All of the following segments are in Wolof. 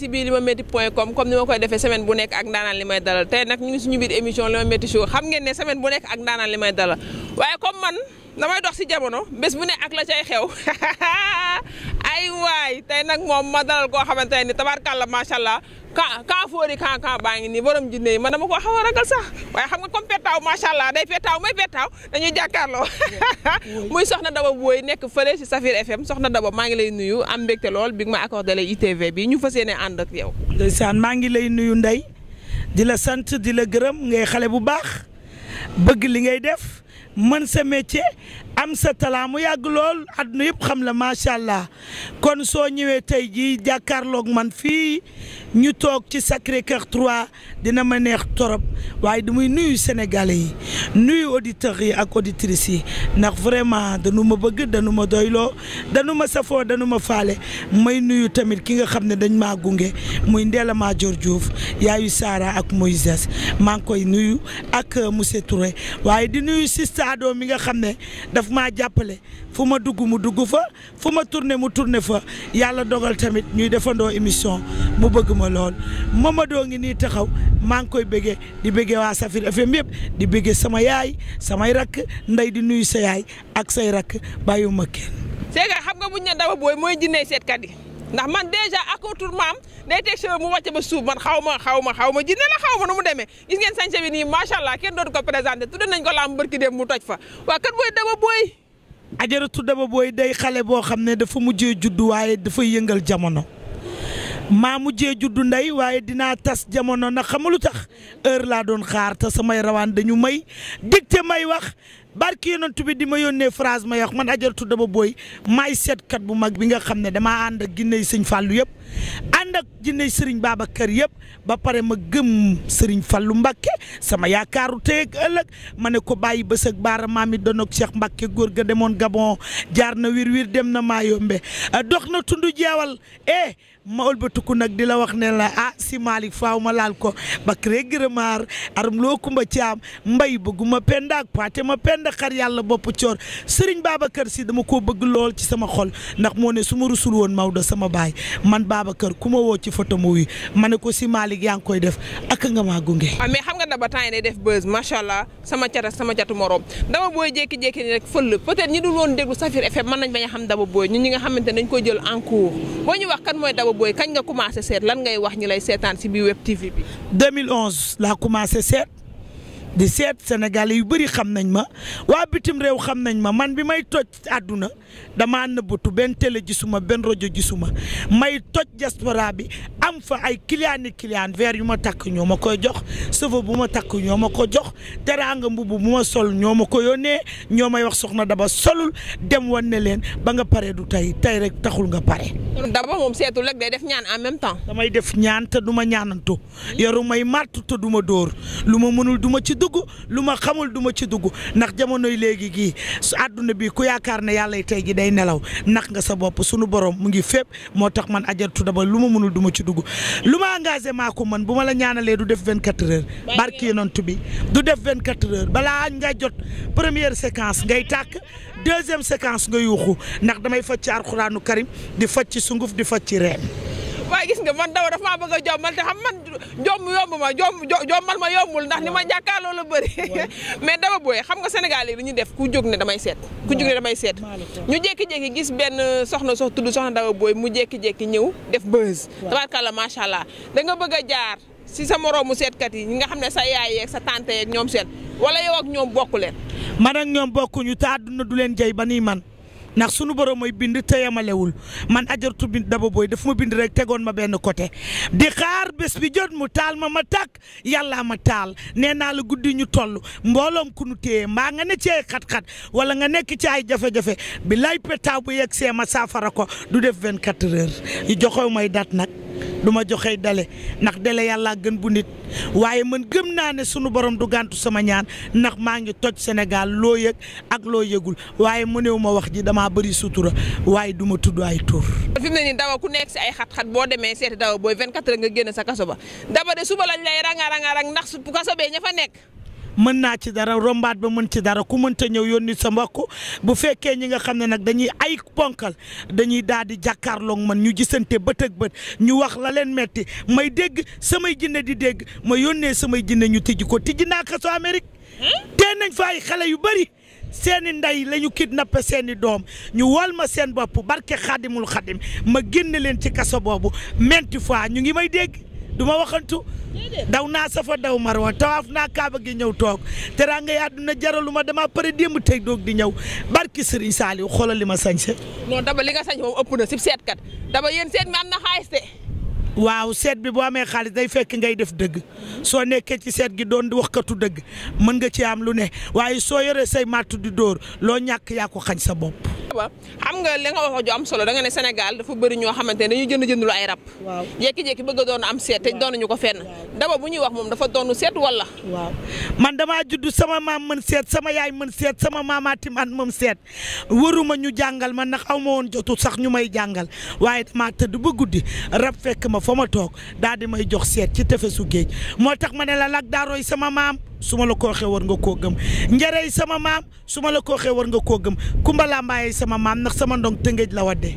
si biir limametti point com comme ni ma koy defee semaine bu nekk ak ndaanaan li may dalal tey nag ñu ngi suñu biir émission limametti show xam ngeen ne semaine bu nekk ak ndaanaan li may dalal waaye comme man damay dox si jamono bés bu ne ak la cay xew ay waay tey nag moom ma dalal koo xamante ne tabaarkàlla macha allah ka ka foori ka ka baa ngi nii borom jinne yi man dama ko xaw a ragal sax waaye xam nga comme pettaaw macha allah day pettaaw may pettaaw dañuy jàkkaarloo muy soxna Daba Boye nekk fële si Safir FM soxna Daba maa ngi lay nuyu am mbégte lool bi nga ma accordé la ITV bi ñu fa yéene ànd ak yow. ndeysaan maa ngi lay nuyu ndey di la sant di la gërëm ngay xale bu baax bëgg li ngay def mën sa métier am sa talaa mu yàgg lool àdduna yëpp xam la macha allah kon soo ñëwee tey jii jàkkaarloog man fii ñu toog ci Sacré Cœur 3 dina ma neex torop waaye du muy nuyu sénégalais yi nuyu auditeurs yi ak auditrices yi ndax vraiment danu ma bëgg danu ma doyloo danu ma safoo danu ma faale may nuyu tamit ki nga xam ne dañ maa gunge muy Ndella Madior Diouf yaayu Sara ak Moïses maa ngi koy nuyu ak euh, monsieur Touré waaye di nuyu Sista mi nga xam ne maa jàppale fu ma dugg mu dugg fa fu ma tourné mu tourné fa yàlla dogal tamit ñuy defandoo émission mu bëgg ma lool Mamadou ngi nii taxaw maa ngi koy bëggee di bëggee waa Safir FM yëpp di bëggee sama yaay samay rakk ndey di nuyu sa yaay ak say rakk bàyyiwuma kenn. Séga xam nga buñ na Daba Boye mooy jinne seet yi ndax man déjà accoutrement am day teg cheveux mu wàcce ma suuf man xaw ma xaw ma xaw ma jinne la xaw ma nu mu demee gis ngeen sañse bi nii macha allah kenn dootu ko présenté tudd nañ ko lamb barki dem mu toj fa waa kat booy daba booy ajaratu daba booy day xale boo xam ne dafa mujjee juddu waaye dafa yëngal jamono maa mujjee juddu ndey waaye dinaa tas jamono na xamalu tax heure laa doon xaar te samay rawaan dañu may dégte may wax barki yonent bi di ma yónnee phrase ma yox man ajaratu dama booy maay seetkat bu mag bi nga xam ne damaa ànd ak ginney sëñ fallu yëpp ànd ak ginney sëriñ Babacar yëpp ba pare ma gëm sëriñ fallu Mbakke sama yaakaaru tey ak ëllëg ma ne ko bàyyi bés ak baara maam it doon ak góor ga demoon Gabon jaar na wir wir dem na Mayombe dox na tund jeewal eh ma wëlbatiku nag di la wax ne la ah si Malick faaw ma ko ba crée gërëmaar aram loo kumba caam mbay bëgguma penda ak paate ma penda xar yàlla bopp coor baaba Babacar si dama koo bëgg lool ci sama xol ndax moo ne su ma rusul woon Maodo sama baay man Babacar ku ma woo ci foto mu wi ma ne ko si Malick yaa ngi koy def ak nga maa gunge. ah mais xam nga daba temps yi day def buzz macha sama cat ak sama catu morom dama booy jékki-jékki ni rek fël peut-être ñi dul woon a xam ne dañ koy jël en cours boo ñu mooy daba booy kañ nga commencé seet lan ngay wax ñi lay seetaan ci biir Web TV bi. 2011 laa commencé seet. di seet Sénégalais yu bëri xam nañ ma waa bitim réew xam nañ ma man bi may toj àdduna damaa nëbbatu benn télé gisuma benn rajo gisuma may toj diaspora bi am fa ay client ni client verre yu ma takk ñoo ma koy jox cheveux bu ma takk ñoo ma ko jox teraanga mbubb bu ma sol ñoo ma ko yónnee ñoo may wax soxna daba solul dem wan ne leen ba nga paree du tey tey rek taxul nga pare. daba moom seetul rek day def ñaan en même temps. damay def ñaan te du ma ñaanantu. yorumay màtt te du ma ma mënul dugg lu ma xamul duma ci dugg ndax jamonoy léegi gii su àdduna bi ku yaakaar ne yàlla tey ji day nelaw nax nga sa bopp sunu borom mu ngi fépp moo tax man ajartu daba lu ma munul duma ci dugg lu ma engagé maa ko mën bu ma la ñaanalee du def vingt quatre heures barki nontu bi du def vingt quatre heures balaa nga jot première séquence ngay tàkk deuxième séquence nga yuuxu ndax damay faj ci alxuraanu karim di faj ci sunguf di faj ci reen waaye gis nga man daw daf maa bëgg a jommal te xam man jomm yomb ma jomm jommal ma yombul ndax ni ma jàkkaarloo la bëri mais dama booy xam nga Sénégal yi dañuy def ku jóg ne damay seet ku jóg ne seet ñu jékki-jékki gis benn soxna sox tudd soxna dama booy mu jékki-jékki ñëw def buzz tabarkàlla macha allah da nga bëgg a jaar si sa moroomu seetkat yi ñi nga xam ne sa yaay sa tante ñoom seet wala yow ak ñoom bokku leen man ak ñoom bokkuñu te du leen jëy ba nii man ndax sunu borom mooy bind te yemalewul man ajartu bind daba booy daf ma bind rek tegoon ma benn côté di xaar bés bi jot mu taal ma ma tàkk yàllaa ma taal nee naa la guddi ñu toll mbooloom ku nu téye mbaa nga ne ci ay xat-xat wala nga nekk ci ay jafe-jafe bi lay pétaaw bu yegg see ma saafara ko du def vingt quatre heures ñu joxew may dat nag. du ma joxe dale ndax dale yàlla gën bu nit waaye mën gëm naa ne sunu borom du gàntu sama ñaan ndax maa ngi toj senegal loo yëg ak loo yëgul waaye mënewu ma wax ji damaa bari sutura waaye du ma tudd ay tur. fi mu ne nii dawa ku nekk si ay xat-xat boo demee seeti dawa booy 24 heures nga génn sa kaso ba daba de suba lañ lay ranga ranga rang ndax su kaso bee ña nekk. mën naa ci dara rombaat ba mën ci dara ku mënta ñëw yónni sa mbokk bu fekkee ñi nga xam ne nag dañuy ay ponkal dañuy daal di jàkkaarloog man ñu gisante bët ak bët ñu wax la leen metti may dégg samay jinne di dégg ma yónnee samay jinne ñu tijji ko tijji naa kaso Amérique hmm? tee nañ fa ay xale yu bari seeni ndey lañu ñu kidnappé seeni doom ñu wal ma seen bopp barke xadimul xadim ma génn leen ci kaso boobu maintes fois ñu ngi may dégg du waxantu daw naa safa daw marwa tawaaf naa kaaba gi ñëw toog teraanga yi àdduna jaraluma dama pare démb tey doog di ñëw barki Serigne Saliou xoolal li ma sañ sañse non daba li nga sañ moom ëpp na si seetkat daba yéen seet mi am na xaalis de waaw seet bi boo amee xaalis day fekk ngay def dëgg soo nekkee ci seet gi doon di waxkatu dëgg mën nga ci am lu ne waaye soo yoree say màttu di door loo ñàkk yaa ko xañ sa bopp ba xam nga li nga waxo ju am solo da nga ne senegal dafa beuri ño xamantene dañu jënd jënd lu ay rab jékki-jékki bëgg doon am seet te doon ñu ko fenn daba bu ñuy wax mom dafa doon seet wala waaw man dama judd sama mam man seet sama yaay man seet sama mamati man mom seet wëruma ñu jangal man nag xawma won jottu sax ñu may jangal waye dama tedd bu guddi rap fekk ma fama tok daal di may jox seet ci tefesu geej motax mané la lak daarooy sama mam su ma la ko waxee war nga koo gëm njarey sama maam su ma la ko war nga koo gëm kumba lambaayey sama maam ndax sama ndong tëngéej la waddee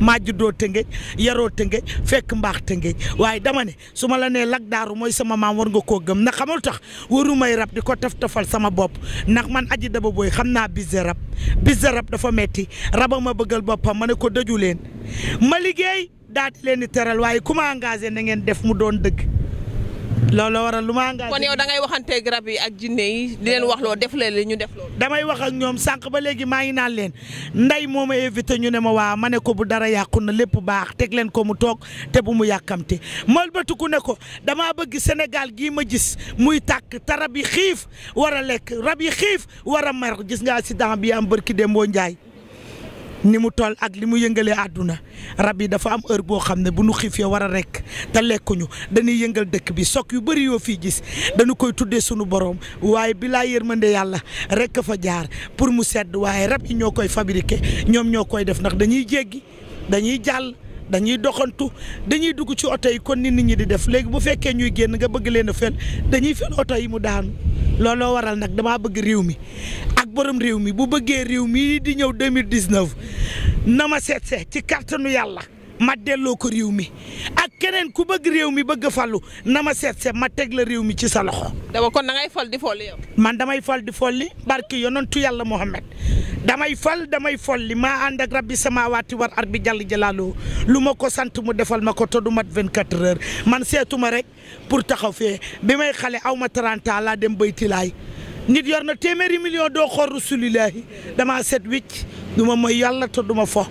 maa doo tëngéej yaroo tëngéej fekk mbaax tëngéej waaye dama ne su ma la nee lak daaru mooy sama maam war nga koo gëm ndax xamal tax waru may rab di ko taf tafal sama bopp ndax man aji daba boy xam naa bis rab bis rab dafa metti raba ma bëggal boppam ma ne ko dëju leen ma liggéey daal leen di teral waaye ku ma engagé na ngeen def mu doon dëgg loolu la waral lu ma engagé. kon yow da ngay waxantee garab yi ak jinne yi di leen wax loo def leen li ñu def loolu. damay wax ak ñoom sànq ba léegi maa ngi naan leen nday moo ma invité ñu ne ma waa ma ne ko bu dara yàqu na lépp baax teg leen ko mu toog te bu mu yàkkamte mal batuku ne ko dama bëgg Sénégal gii ma gis muy tàkk te rab yi xiif war a lekk rab yi xiif war a mer gis nga accident bi am bërki Dembo Ndiaye. ni mu toll ak li mu yëngalee àdduna rab yi dafa am heure boo xam ne bu nu xiifee war a rekk te ñu dañuy yëngal dëkk bi sok yu bëri yoo fii gis dañu koy tuddee sunu borom waaye bi laa yërmande yàlla rekk fa jaar pour mu sedd waaye rab yi ñoo koy fabriqué ñoom ñoo koy def ndax dañuy jéggi dañuy jàll. dañuy doxantu dañuy dugg ci oto yi kon ni nit ñi di def léegi bu fekkee ñuy génn nga bëgg leen a fen dañuy fen oto yi mu daanu looloo waral nag damaa bëgg réew mi borom réew mi bu bëggee réew mi di ñëw 2019 na ma seet se ci kàttanu yàlla ma delloo ko réew mi ak keneen ku bëgg réew mi bëgg falu na ma seet se ma teg la réew mi ci sa loxo. dama kon da ngay fal di folli man damay fal di folli barke yonantu yàlla Muhammad damay fal damay folli ma ànd ak rabbi samaawaati war ar bi jàll jëlaaloo lu ma ko sant mu defal ma ko te du mat 24 heures man seetuma rek pour taxaw fee bi may xale aw ma 30 laa dem bay tilaay nit yor na téeméeri million doo xool rasulillaahi damaa set wicc du ma mooy yàlla te du ma fo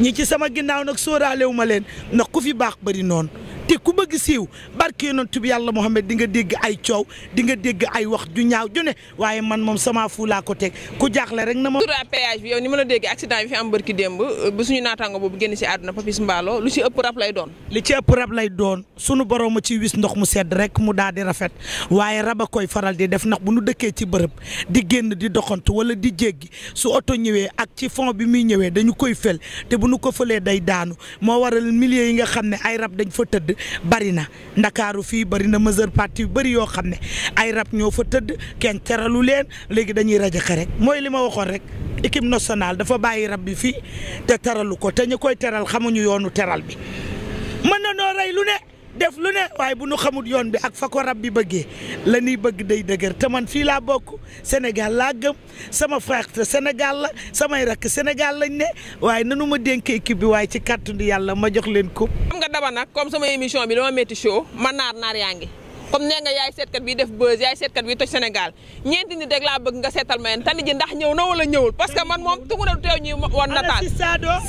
ñi ci sama ginnaaw nag sóoraale wu ma leen ndax ku fi baax bëri noonu te ku bëgg siiw barke yonent bi yàlla Muhammad di nga dégg ay coow di nga dégg ay wax ju ñaaw ju ne waaye man moom sama fu laa ko teg ku jaaxle rek na ma. tur péage bi yow ni ma la déggee accident yi fi am barki démb bu suñu naataango boobu génn si àdduna Papis Mballo lu ci ëpp rab lay doon. li ci ëpp rab lay doon sunu borom a ci wis ndox mu sedd rek mu daal di rafet waaye rab a koy faral di def ndax bu nu dëkkee ci bërëb di génn di doxantu walla di jéggi su oto ñëwee ak ci fond bi muy ñëwee dañu koy fel te bu nu ko fëlee day daanu moo waral milliers yi nga xam ne ay rab dañ fa tëdd tëdd bari na ndakaaru fii bari na mesure parti yu bari yoo xam ne ay rab ñoo fa tëdd kenn teralu leen léegi dañuy rajaxe rek mooy li ma waxoon rek équipe nationale dafa bàyyi rab bi fii te teralu ko te ñu koy teral xamuñu yoonu teral bi mën na noo rey lu ne def lu ne waaye bu nu xamul yoon bi ak fa rab bi bëggee la ñuy bëgg day dëgër te man fii laa bokk Sénégal laa gëm sama frère Sénégal la samay rakk Sénégal lañ ne waaye nanu ma dénk équipe bi waaye ci kàttan yàlla ma jox leen ko. xam nga daba nag comme sama émission bi dama métti show ma naar naar yaa ngi. comme ne nga yaay kat bi def buzz yaay kat bi toj senegal ñent ni deg la bëgg nga setal ma tan ji ndax ñew na wala ñewul parce que man mom tungu na du teew ñuy woon nataal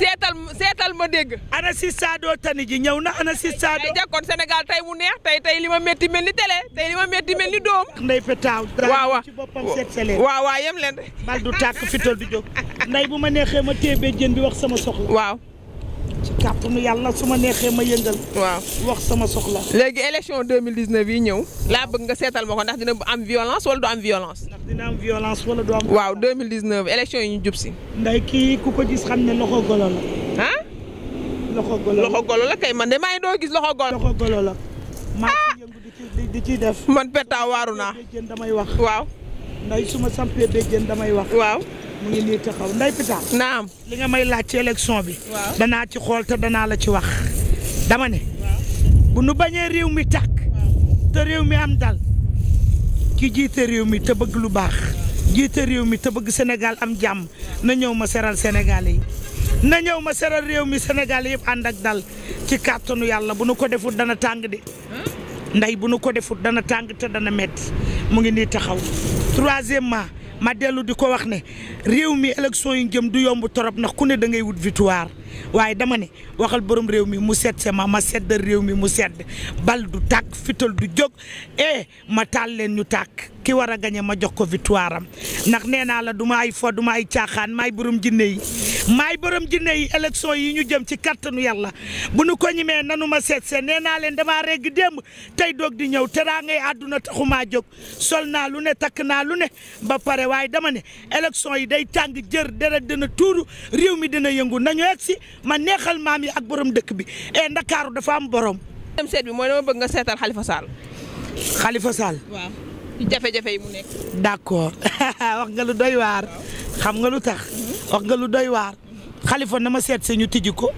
setal setal ma deg ana si sado tan ji ñew na ana si sado ay jakkoon senegal tay mu neex tay tay lima metti melni télé tay lima metti melni dom ndey petaaw wa ci bopam set sele wa wa yem len bal du tàkk fitol du jog ndey bu ma neexee ma tébé jeen bi wax sama soxla wa kàttanu yàlla su ma neexee ma yëngal. waaw wax sama soxla. léegi élection 2019 yi ñëw. laa bëgg nga seetal ma ko ndax dina am violence wala du am violence. ndax dina am violence wala du am. waaw 2019 yi ñu jub si. nday kii ku ko gis xam ne loxo golo la. ah. loxo golo la loxo kay man de maa ngi doo gis loxo golo. loxo golo la. maa ngi ah! yëngu di ci di ci def. man petta waaru naa damay wax. waaw. nday su ma sampee béjjén damay wax. waaw. mu ngi nii taxaw nday pitaar naam li nga may laaj ci élection bi danaa ci xool te danaa la ci wax dama ne bu nu bañee réew mi tàkk te réew mi am dal ki jiite réew mi te bëgg lu baax jiite réew mi te bëgg Sénégal na ñëw ma seral Sénégal yi na ñëw ma seral réew mi Sénégal yëpp ànd ak dal ci kàttanu yàlla bu nu ko defut dana tàng de nday bu nu ko defut dana tàng te dana metti mu ngi nii taxaw troisièmement ma dellu di ko wax ne réew mi élection yi jëm du yomb torop ndax ku ne da ngay wut victoire waaye dama ne waxal borom réew mi mu set sedd ma ma seddal réew mi mu sedd bal du tàkk fital du jog eh ma taal leen ñu tàkk ki war a gañe ma jox ko victoire am ndax nee naa la du ma ay fo du ma ay caaxaan maay borom jinne yi maay borom jinne yi élection yi ñu jëm ci kattanu yàlla bu nu ko ñimee nanu ma seet see nee naa leen damaa regg démb tey doog di ñëw teraa ngay àdduna taxumaa jog sol naa lu ne takk naa lu ne ba pare waaye dama ne élection yi day tàng jër deret dina tuuru réew mi dina yëngu nañu egg si ma neexal maam yi ak borom dëkk bi e ndakaaru dafa am borom. dem seet bi mooy dama bëgg nga seetal Khalifa Sall. Khalifa Sall. waaw jafe-jafe yi mu nekk. d'accord wax nga lu xam nga lu tax wax nga lu doy waar xalifa na ma seet see ñu tijji ko.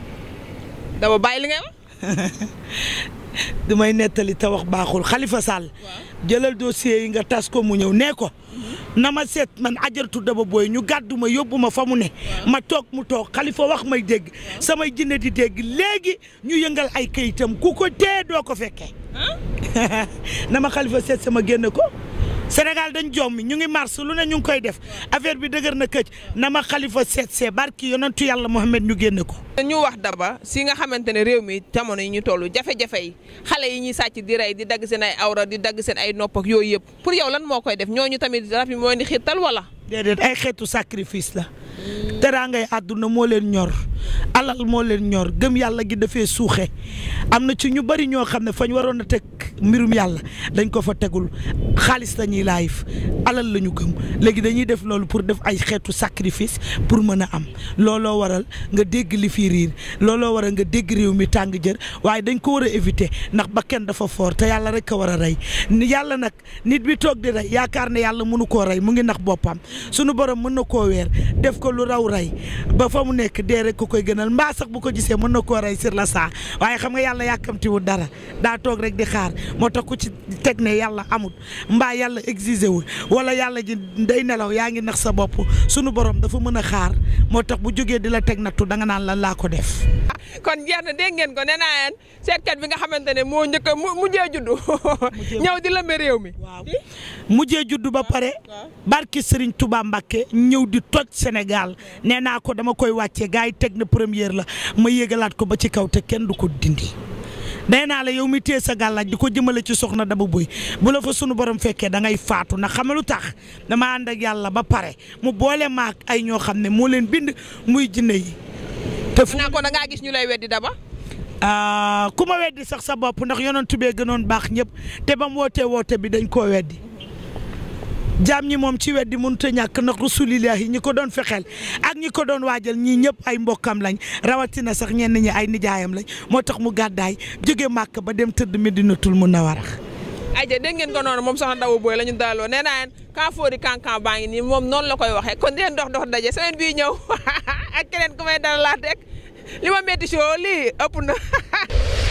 dama bàyyi li ngay wax. dumay nettali te wax baaxul xalifa Sall. jëlal dossier yi nga tas ko mu ñëw nee ko. na ma seet man ajartu dama booy ñu gàddu ma yóbbu ma fa mu ne. ma toog mu toog xalifa wax may dégg. samay jinne di dégg léegi ñu yëngal ay kayitam ku ko tee doo ko fekkee. na ma xalifa seet sama génn ko. Sénégal dañ jommi ñu ngi mars lu ne ñu ngi koy def affaire bi dëgër na këcc na ma xalifa seet see barki yonentu yàlla Mohamed ñu génne ko. ñu wax daba si nga xamante ne réew mi jamono yi ñu toll jafe-jafe yi xale yi ñuy sàcc di rey di dagg seen ay awra di dagg seen ay nopp ak yooyu yëpp pour yow lan moo koy def ñooñu tamit rab yi moo indi xiirtal wala. déedéet ay xeetu sacrifice la. teraangay àdduna moo leen ñor alal moo leen ñor gëm yàlla gi dafee suuxe am na ci ñu bari ñoo xam ne fañ waroon a teg mbirum yàlla dañ ko fa tegul xaalis lañuy laayif alal lañu ñu gëm léegi dañuy def loolu pour def ay xeetu sacrifice pour mën a am looloo waral nga dégg li fii riir looloo waral nga dégg réew mi tàng jër waaye dañ ko war a éviter ndax ba kenn dafa foor te yàlla rek a war a rey yàlla nag nit bi toog di rey yaakaar ne yàlla mënu koo rey mu ngi nax boppam rey ba fa mu nekk dee rek ku koy gënal mbaa sax bu ko gisee mën na koo rey sur la saa waaye xam nga yàlla yàkkamtiwul dara daa toog rek di xaar moo tax ku ci teg ne yàlla amut mbaa yàlla exigé wul wala yàlla ji day nelaw yaa ngi nax sa bopp sunu boroom dafa mën a xaar moo tax bu jógee di la teg nattu danga naan la laa ko def. kon jeex na dégg ngeen ko nee naa leen seetkat bi nga xamante ne moo njëkk mu mujjee juddu ñëw di lëmbe réew mi. waaw mujjee juddu ba pare. barki Serigne Touba Mbakke ñëw di toj Sénégal nee naa ko dama koy wàccee gars yi teg na première la ma yégalaat ko ba ci kaw te kenn du ko dindi. nee naa la yow mi téye sa gàllaaj di ko jëmmale ci soxna Daba buy bu la fa sunu borom fekkee da ngay faatu ndax xam lu tax dama ànd ak yàlla ba pare mu boole maak ay ñoo xam ne moo leen bind muy jinne yi. te fu naa ko da ngaa gis ñu lay weddi Daba. Ah, ku ma weddi sax sa bopp ndax yonoon tubee gënoon baax ñëpp te ba mu wootee woote bi dañ koo weddi jam ñi moom ci weddi mënut a ñàkk ndax rasulillah yi ñi ko doon fexeel ak ñi ko doon waajal ñii ñëpp ay mbokkam lañ rawatina sax ñenn ñi ay nijaayam lañ moo tax mu gàddaay jóge màkk ba dem tëdd Medinatul Munawwara. aja dégg ngeen ko noonu moom soxna Daba Boye la ñu daloo nee naa leen Kanfoori Kankan baa ngi nii moom noonu la koy waxee kon di leen dox dox daje semaine bii ñëw ak keneen ku may dalalaat rek li ma métti si na.